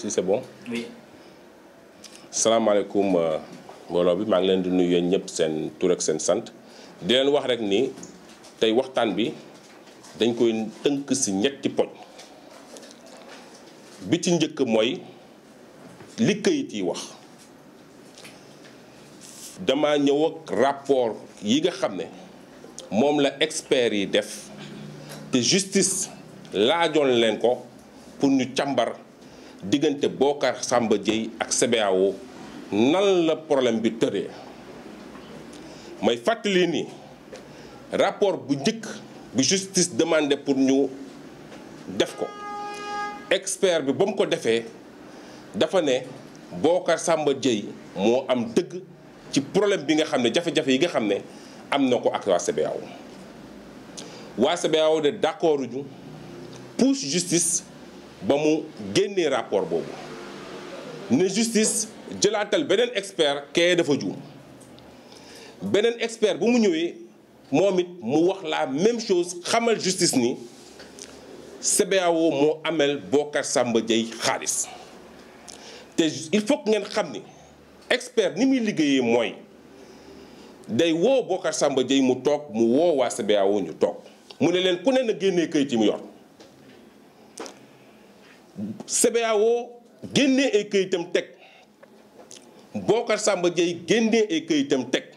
si c'est bon. oui. salaamaaleykum euh, mbooloo bi maa ngi leen di nuyu yéen ñëpp seen tur seen sant di leen wax rek nii tey waxtaan bi dañ koy tënk si ñetti poñ bi ci njëkk mooy li këyit yi wax dama ñëw ak yi nga xam ne moom la experts yi def te justice laajoon leen ko pour ñu càmbar. diggante Bocar Samba Dièye ak CBAO nan la problème bi tëree may fàttali ni rapport bu njëkk bu justice demandé pour ñu def ko expert bi ba mu ko defee dafa ne Bocar Samba Dièye moo am dëgg ci problème bi nga xam ne jafe-jafe yi nga xam ne am na ko ak waa CBAO waa CBAO de d'accord pousse justice ba mu génnee rapport boobu ne justice jëlaatal beneen expert kee dafa juum beneen expert bu mu ñëwee moom it mu wax la même chose xamal justice ni CBAO moo amel Bocar Samba Dièye xaalis te il faut ngeen xam ni expert ni muy liggéeyee mooy day woo Bocar Samba Dièye mu toog mu woo waa CBAO ñu toog mu ne leen ku ne génnee kayit ci mu yor CBAO génnee ay këyitam teg Bocar sàmba Dièye génnee ay këyitam teg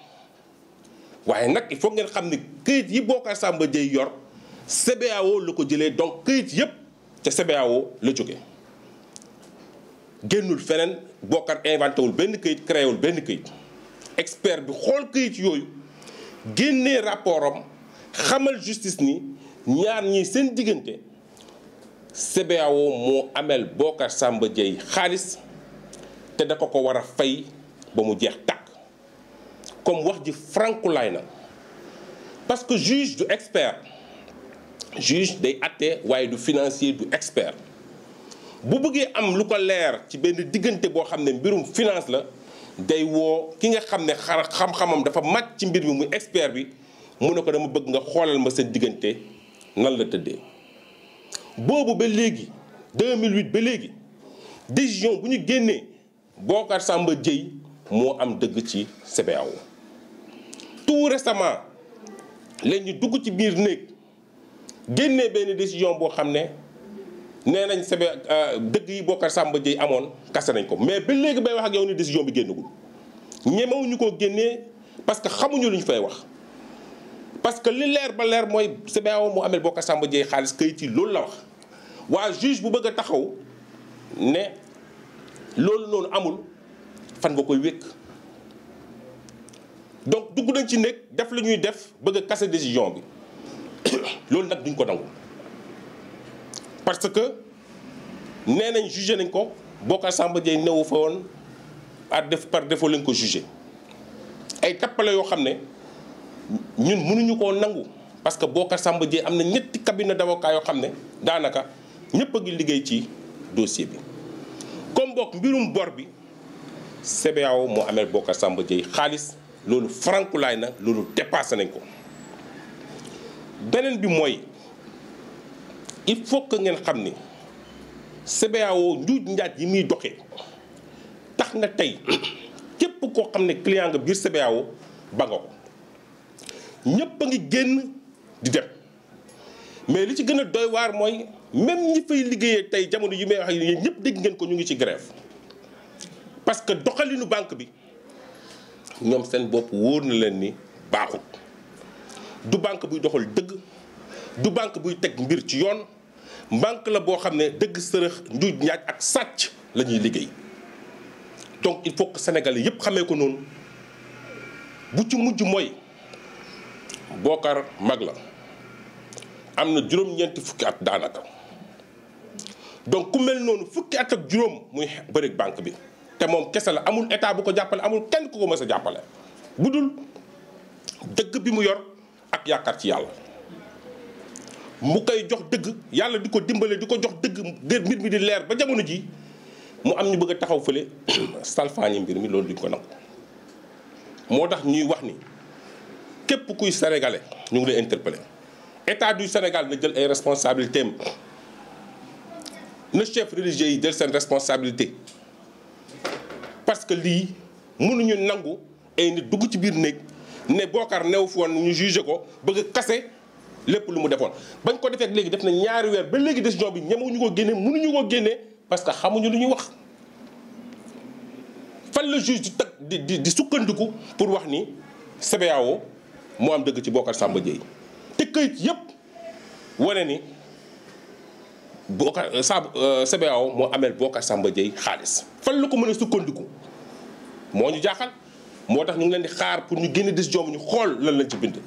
waaye nag il faut ngeen xam ni këyit yi Bocar Samba Dièye yor CBAO la ko jëlee donc këyit yëpp ca CBAO la jóge génnul feneen Bocar inventé wul benn këyit créé wul benn këyit expert bi xool këyit yooyu génnee rapport xamal justice ni ñaar ñi seen diggante. CBAO moo amel Bocar Samba Dièye xaalis te dafa ko ko war a fay ba mu jeex tàkk comme wax ji frankulaay na parce que juge du expert juge day atte waaye du financier du expert bu bëggee am lu ko leer ci benn diggante boo xam ne mbirum finance la day woo ki nga xam ne xar xam-xamam dafa mat ci mbir mi muy expert bi mu ne ko dama bëgg nga xoolal ma seen diggante nan la tëddee boobu ba léegi 2008 ba léegi décision bu ñu génnee Bocar Samba Dièye moo am dëgg ci CBAO tout récemment la ñu dugg ci biir néeg génnee benn décision boo xam ne nee nañ sebe euh, dëgg yi Bocar Samba Dièye amoon kase nañ ko mais ba léegi bay wax ak yow ni décision bi génnagul ñemewuñu koo génnee parce que xamuñu lu ñu fay wax parce que li leer ba leer mooy CBAO mu amel Bocar Samba Dièye xaalis kayit yi loolu la wax waa juge bu bëgg a taxaw ne loolu noonu amul fan nga koy wékk donc dugg nañ ci nekk def la ñuy def bëgg a casser décision bi loolu nag duñ ko nangu parce que nee nañ jugé nañ ko Bocar Samba Dièye newu fa woon à def par défaut lañ ko jugé ay tappale yoo xam ne ñun mënuñu koo nangu parce que Bocar Samba Dièye am na ñetti kabina d'avocat yoo xam ne daanaka ñëpp a ngi liggéey ci dossier bi. comme boog mbirum bor bi CBAO moo amee Bocar Samba Dièye xaalis loolu farankulaay na loolu dépassé nañ ko beneen bi mooy il faut que ngeen xam ni CBAO njuuj njaat yi muy doxe tax na tey képp koo xam ne client nga biir CBAO ba nga ko. ñëpp a ngi génn di dem mais li ci gën a doy waar mooy même ñi fay liggéeyee tey jamono yi mee wax yéen ñëpp dëgg ngeen ko ñu ngi ci grève parce que doxalinu banque bi ñoom seen bopp wóor na leen ni baaxul du banque buy doxal dëgg du banque buy teg mbir ci yoon banque la boo xam ne dëgg sërëx njuuj njaaj ak sàcc la ñuy liggéey donc il faut que sénégalais yëpp xamee ko noonu bu ci mujj mooy. Bokar mag la am na juróom-ñeenti fukki at daanaka donc ku mel noonu fukki at ak juróom muy bëreeg banque bi te moom kese la amul état bu ko jàppalee amul kenn ku ko mës a jàppale bu dul dëgg bi mu yor ak yaakaar ci yàlla mu koy jox dëgg yàlla di ko dimbale di ko jox dëgg dé mbir mi di leer ba jamono ji mu am ñu bëgg a taxaw fële salfaañi mbir mi loolu duñ ko nangu moo tax ñuy wax ni képp kuy sénégalais ñu ngi lay interpellé état du Sénégal na jël ay responsabilités na chef religieux yi jël seen responsabilité parce que lii mënuñu nangu ay nit dugg ci biir néeg ne Bocar neew fi woon ñu jugé ko bëgg a kase lépp lu mu defoon bañ ko defee léegi def na ñaari weer ba léegi décision bi ñemewuñu ko génne mënuñu koo génne parce que xamuñu lu ñuy wax fan la juge di di di sukkandiku pour wax ni CBAO moo am dëgg ci Bocar Samba Dièye te këyit yëpp wane ni Bocar euh, sa euh, CBAO moo ameel Bocar Samba Dièye xaalis fan la ko mën a sukkandiku moo ñu jaaxal moo tax ñu ngi leen di xaar pour ñu génne décision bi ñu xool lan lañ ci bind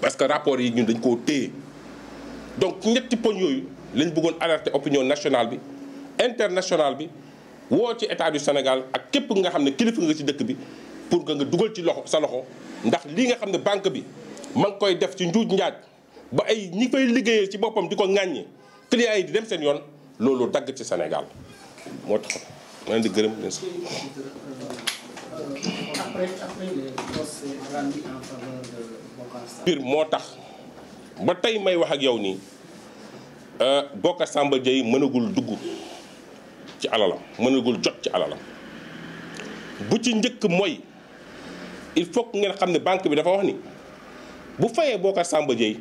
parce que rapport yi ñun dañ koo téye donc ñetti poñ yooyu lañ bëggoon alerter opinion nationale bi internationale bi woo ci état du Sénégal ak képp nga xam ne kilifa nga ci dëkk bi pour que nga dugal ci loxo sa loxo ndax lii nga xam ne banque bi ma ngi koy def ci njuuj njaaj ba ay ñi koy liggéeyee ci boppam di ko ŋàññi clients yi di dem seen yoon loolu dagg ci Sénégal moo tax ma di gërëm leen si. mbir moo tax ba tey may wax ak yow nii euh, Bokar Samba Dieye mënagul dugg ci alalam mënagul jot ci alalam bu ci njëkk moy il faut que ngeen xam ne banque bi dafa wax ni bu fayee Bocar Samba Dièye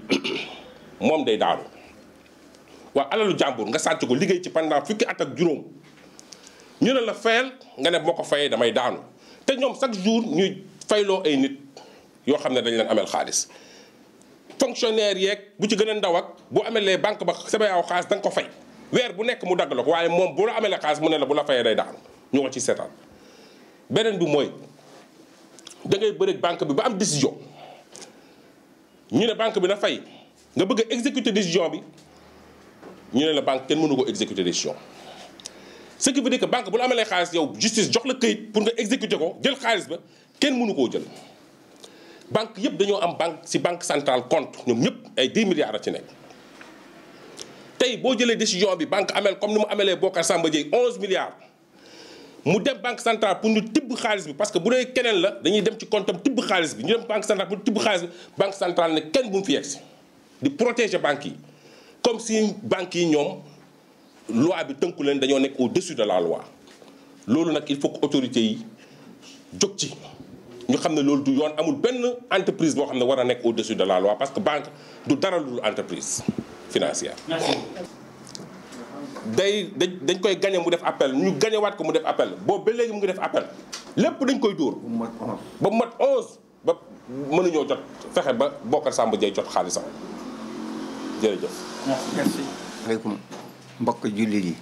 moom day daanu waa alalu jàmbur nga sàcc ko liggéey ci pendant fukki at ak juróom ñu ne la fayal nga ne moo ko fayee damay daanu te ñoom chaque jour ñuy fayloo ay nit yoo xam ne dañ leen ameel xaalis fonctionnaire yeeg bu ci gën a ndaw ak bu amelee banque ba sama yaaw xaalis da ko fay weer bu nekk mu dagg la ko waaye moom bu la amelee xaalis mu ne la bu la fayee day daanu ñu ko ci seetaan beneen bi mooy dangay ngay bëreeg banque bi ba am décision ñu ne banque bi na fay nga bëgg a exécuter décision bi ñu ne la banque kenn mënu ko exécuter décision. ce qui veut dire que banque bu la amalee xaalis yow justice jox la këyit pour nga exécuter ko jël xaalis ba kenn mënu koo jël banque yëpp dañoo am banque ci banque centrale compte ñoom ñëpp ay 10 milliards a ci nekk. tey boo jëlee décision bi banque amel comme ni mu amelee Bocar Samba Dièye 11 milliards. mu dem banque centrale pour ñu tibb xaalis bi parce que bu dee keneen la dañuy dem ci compte am tibb xaalis bi ñu dem banque centrale pour tibb xaalis bi banque centrale ne kenn bu mu fi yegsi di protéger banques yi comme si banque yi ñoom loi bi tënku leen dañoo nekk au-dessus de la loi loolu nag il faut que autorités yi jóg ci ñu xam ne loolu du yoon amul benn entreprise boo xam ne war a nekk au-dessus de la loi parce que banque du dara lu entreprise financière. day dañ dañ koy gagné mu def appel ñu gagné waat ko mu def appel boobu ba léegi mu ngi def appel lépp dañ koy dóor. ba mu mat 11 ba mënuñoo jot fexe ba Bocar Samba Dièye jot xaalisam jërëjëf. merci. mbokk jullit yi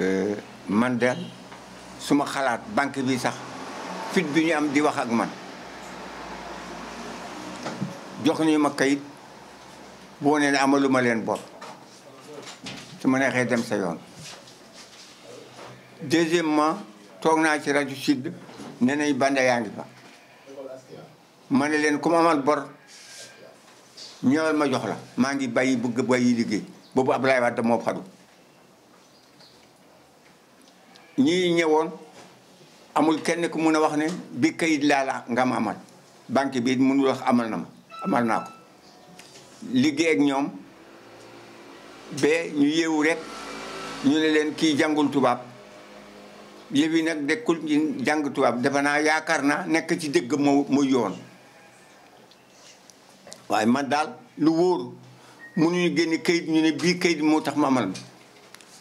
euh, man de suma xalaat banque bi sax fit bi ñu am di wax ak man jox ñu ma kayit boo nee ne amalu ma leen bor. si ma neexee dem sa yoon deuxièmement toog naa ci rajo sud ne nañ banda fa ma ne leen ku ma bor ñëwal ma jox la maa ngi bàyyi bëgg bàyyi liggéey boobu Abdoulaye Wade moo fadu ñii ñëwoon amul kenn ku mun a wax ne bi këyit laa la nga ma banque bi mënul wax amal na ma amal naa ko liggéey ak ñoom ba ñu yeewu rek ñu ne leen kii jàngul tubaab yëf nag dekkul ñu jàng tubaab dafa naa yaakaar naa nekk ci dëgg moo yoon waaye man daal lu wóor mënuñu génn kayit ñu ne bii kayit moo tax ma amal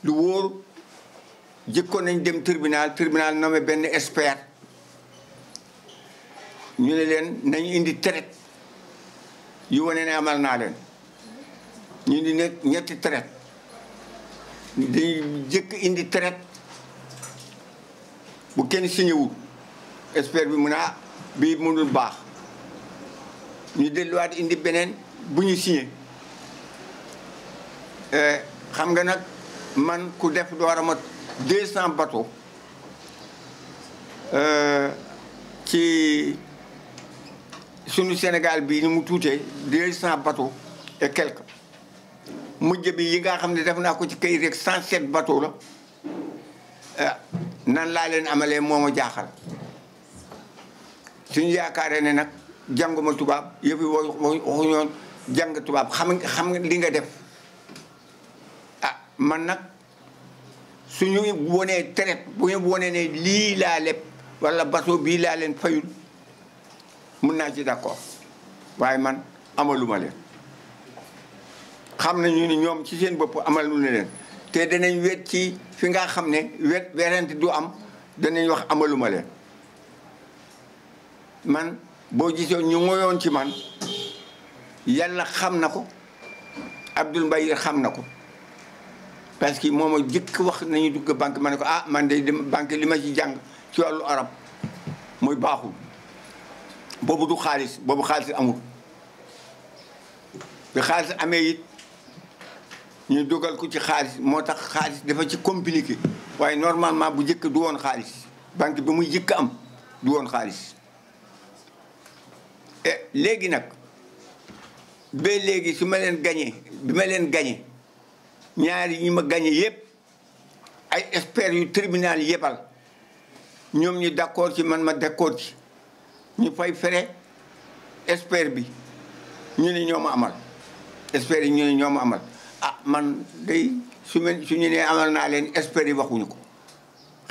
lu wóor jëkkoon nañ dem tribunal tribunal nommé benn expert ñu ne leen nañu indi traite yu wane ne amal naa leen ñu ni nekk ñetti traite dañuy jëkk indi traite bu kenn signewul expert bi mun a ah, bii mënul baax ñu delluwaat indi beneen bu ñu signé eh, xam nga nag man ku def doo a mat deux cent eh, ci sunu Sénégal bi ni mu tuutee deux cent bateaux mujj bi yi nga xam ne def naa ko ci kayit rek 107 bateau la ah, nan laa leen amalee moo ma jaaxal suñu yaakaaree ne nag jànguma tubaab yëpp waxuñoon jàng tubaab xam xam li nga def ah man nag suñu wonee traite bu ñu wonee ne lii laa leb wala bateau bii laa leen fayul mun naa ci d'accord waaye man amaluma leen xam nañu ni ñoom ci seen bopp amal lu leen te danañ wet ci fi nga xam ne wet werante du am danañ wax amaluma leen man boo gisoon ñu ngoyoon ci man yàlla xam na ko Abdoul Mbaye xam na ko parce que moom a jëkk wax nañu dugg banque man ne ko ah man de banque li ma ci jàng ci wàllu arab muy baaxul boobu du xaalis boobu xaalis amul bi xaalis amee it ñu dugal ko ci xaalis moo tax xaalis dafa ci compliqué waaye normalement bu njëkk du woon xaalis banque bi muy jëkk am du woon xaalis e léegi nag ba léegi su ma leen gañee bi ma leen gañee ñaari ñi ma gañee yépp ay experts yu tribunal yebal ñoom ñu d'accord ci man ma d'accord ci ñu fay fere expert bi ñu ne ñoo ma amal expert yi ñu ne ñoo amal a ah, man day su ma su ñu nee amal naa leen experts yi waxuñu ko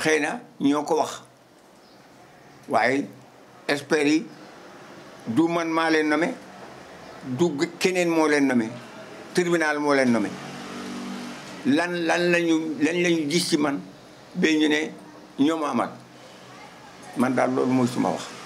xëy na ñoo ko wax waaye experts yi du man maa leen nommé du keneen moo leen nommé tribunal moo leen nommé lan lan lañu lan lañu gis ci man ba ñu ne ñoom amal man daal loolu mooy suma wax